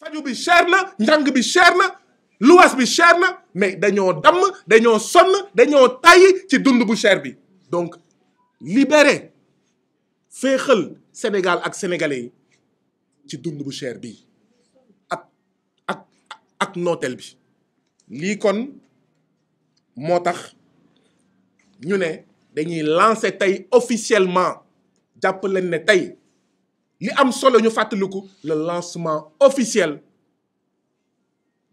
faju bi cher na njàng bi cher na luwaas bi cher na mais dañoo damm dañoo sonn dañoo tàyyi ci dund bu cher bi donc libéré féexal Sénégal ak sénégalais yi ci dund bu cher bi ak ak ak nooteel bi lii kon moo tax ñu ne dañuy lancer tey officiellement jàpp leen ne tey li am solo ñu fàttaliku le lancement officiel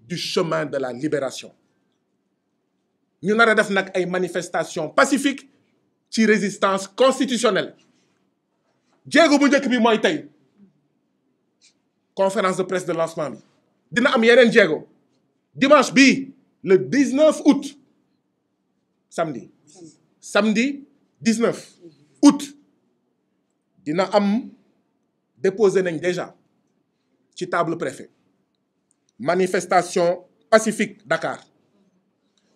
du chemin de la libération ñu nar a def nag ay manifestation pacifique ci résistance constitutionnelle jéego bu njëkk bi mooy tey conférence de presse de lancement bi dina am yeneen jéego dimanche bi le 19 août samedi samedi 19 août dina am déposé nañ déjà ci table préfet manifestation pacifique Dakar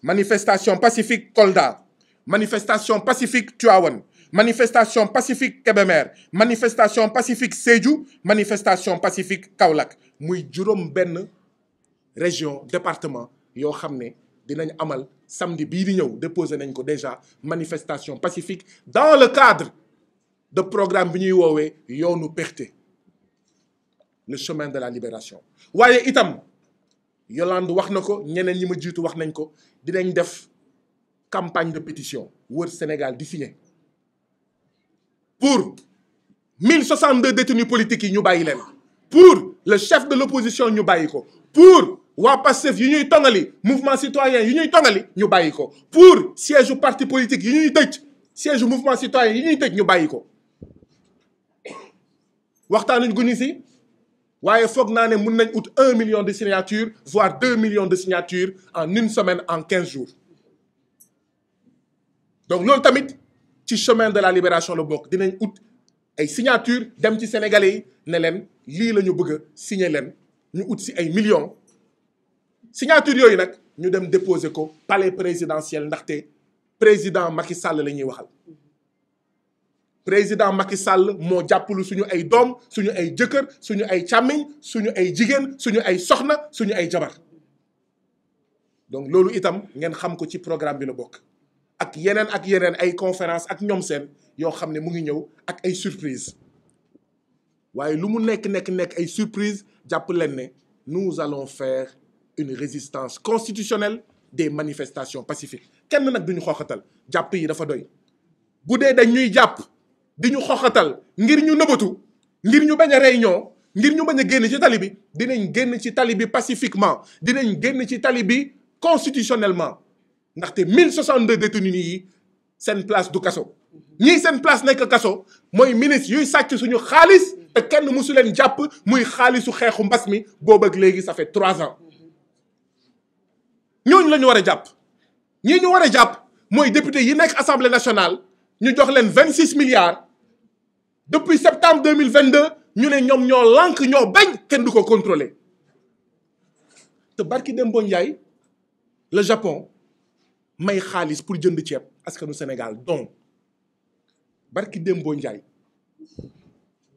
manifestation pacifique Kolda manifestation pacifique Tivaouane manifestation pacifique Kébémer manifestation pacifique Sédhiou manifestation pacifique Kaolack muy juróom benn région département yoo xam ne dinañ amal samedi bii di ñëw déposé nañ ko déjà manifestation pacifique dans le cadre de programme bi ñuy woowee yoonu pexte le chemin de la libération waaye itam Yolande wax na ko ñeneen li ma jiitu wax nañ ko dinañ def campagne de pétition wër Sénégal di signer pour 1062 détenus politiques yi ñu bàyyi leen pour le chef de l'opposition ñu bàyyi ko pour waa Pastef yu ñuy tongali mouvement citoyen yu ñuy tongali ñu bàyyi ko pour siège u parti politique yi ñuy tëj siège u mouvement citoyen yi ñuy tëj ñu bàyyi ko waxtaanuñ guni si waaye foog naa ne mun nañ ut un million de signatures voire deux millions de signatures en une semaine en quinze jours donc loolu tamit ci chemin de la libération la bokk dinañ ut ay signature dem ci sénégalais ne leen lii la ñu bëgg a leen ñu ut si ay millions signature yooyu nag ñu dem déposer ko palais présidentiel ndaxte président Macky Sall la ñuy waxal président Macky Sall moo jàppalu suñu ay doom suñu ay jëkkër suñu ay càmmiñ suñu ay jigéen suñu ay soxna suñu ay jabar donc loolu itam ngeen xam ko ci programme bi la bokk ak yeneen ak yeneen ay conférence ak ñoom seen yoo xam ne mu ngi ñëw ak ay surprise waaye lu mu nekk nekk nekk ay surprise jàpp leen ne nous allons faire une résistance constitutionnelle des manifestations pacifiques kenn nag duñu xooxatal jàpp yi dafa doy bu dee dañ ñuy jàpp di ñu xoxatal ngir ñu nëbatu ngir ñu bañ a réunion ngir ñu bañ a génn ci tali bi dinañ génn ci tali bi pacifiquement dinañ génn ci tali bi constitutionnellement ndaxte de détenus yi seen place du kaso. ñii seen place nekk kaso mooy ministre yuy sàcc suñu xaalis te kenn mësu leen jàpp muy xaalisu xeexu mbas mi boobu ak léegi ça fait trois ans ñooñu la ñu war a jàpp. ñii ñu war a jàpp mooy député yi nekk assemblée nationale ñu jox leen vingt six milliards. depuis septembre 2022 ñu ne ñoom ñoo lànk ñoo bañ kenn du ko contrôler te barki Demba Ndiaye le Japon may xaalis pour jënd ceeb askanu Sénégal donc barki Demba Ndiaye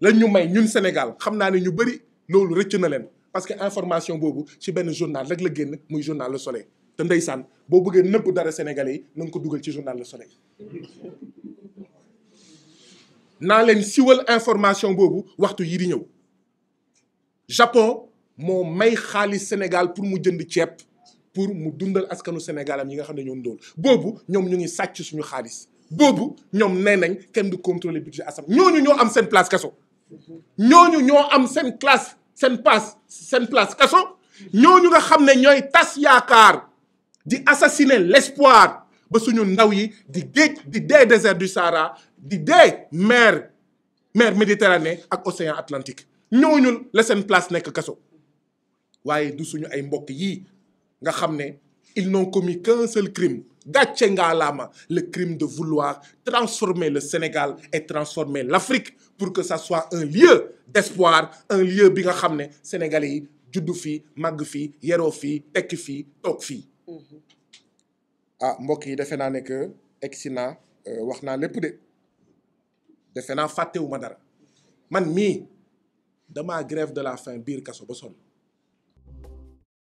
la ñu may ñun Sénégal xam naa ne ñu bëri loolu rëcc na leen parce que information boobu ci benn journal rek la génn muy journal Le Soleil te ndeysaan boo bëggee nëbb dara Sénégalais yi na nga ko dugal ci journal Le Soleil. naa leen siwal information boobu waxtu yi di ñëw Japon moo may xaalis Sénégal pour mu jënd ceeb pour mu dundal askanu Sénégal am yi nga xam ne ñoom dool boobu ñoom ñu ngi sàcc suñu xaalis boobu ñoom nee nañ kenn du contrôler budget asam ñooñu ñoo am seen place ñooñu ñoo am seen classe seen passe seen place kaso ñooñu nga xam ne ñooy tas yaakaar di assassiner l'espoir ba suñu ndaw yi di géej di dee désert du Sahara di dee maire maire Méditerranée ak océan Atlantique ñooñu la seen place nekk kaso waaye du suñu ay mbokk yi nga xam ne ils n'ont commis qu'un seul crime gàcce ngaalaama le crime de vouloir transformer le Sénégal et transformer l'Afrique pour que ça soit un lieu d'espoir un lieu bi nga xam ne Sénégalais yi juddu fi màgg fii yeroo fii tek fii toog fii mm-hmm. a ah, mbokk yi defe naa ne que egsi naa euh, wax naa lépp de defe naa fàttewuma dara man mii dama grève de la faim biir kaso ba sol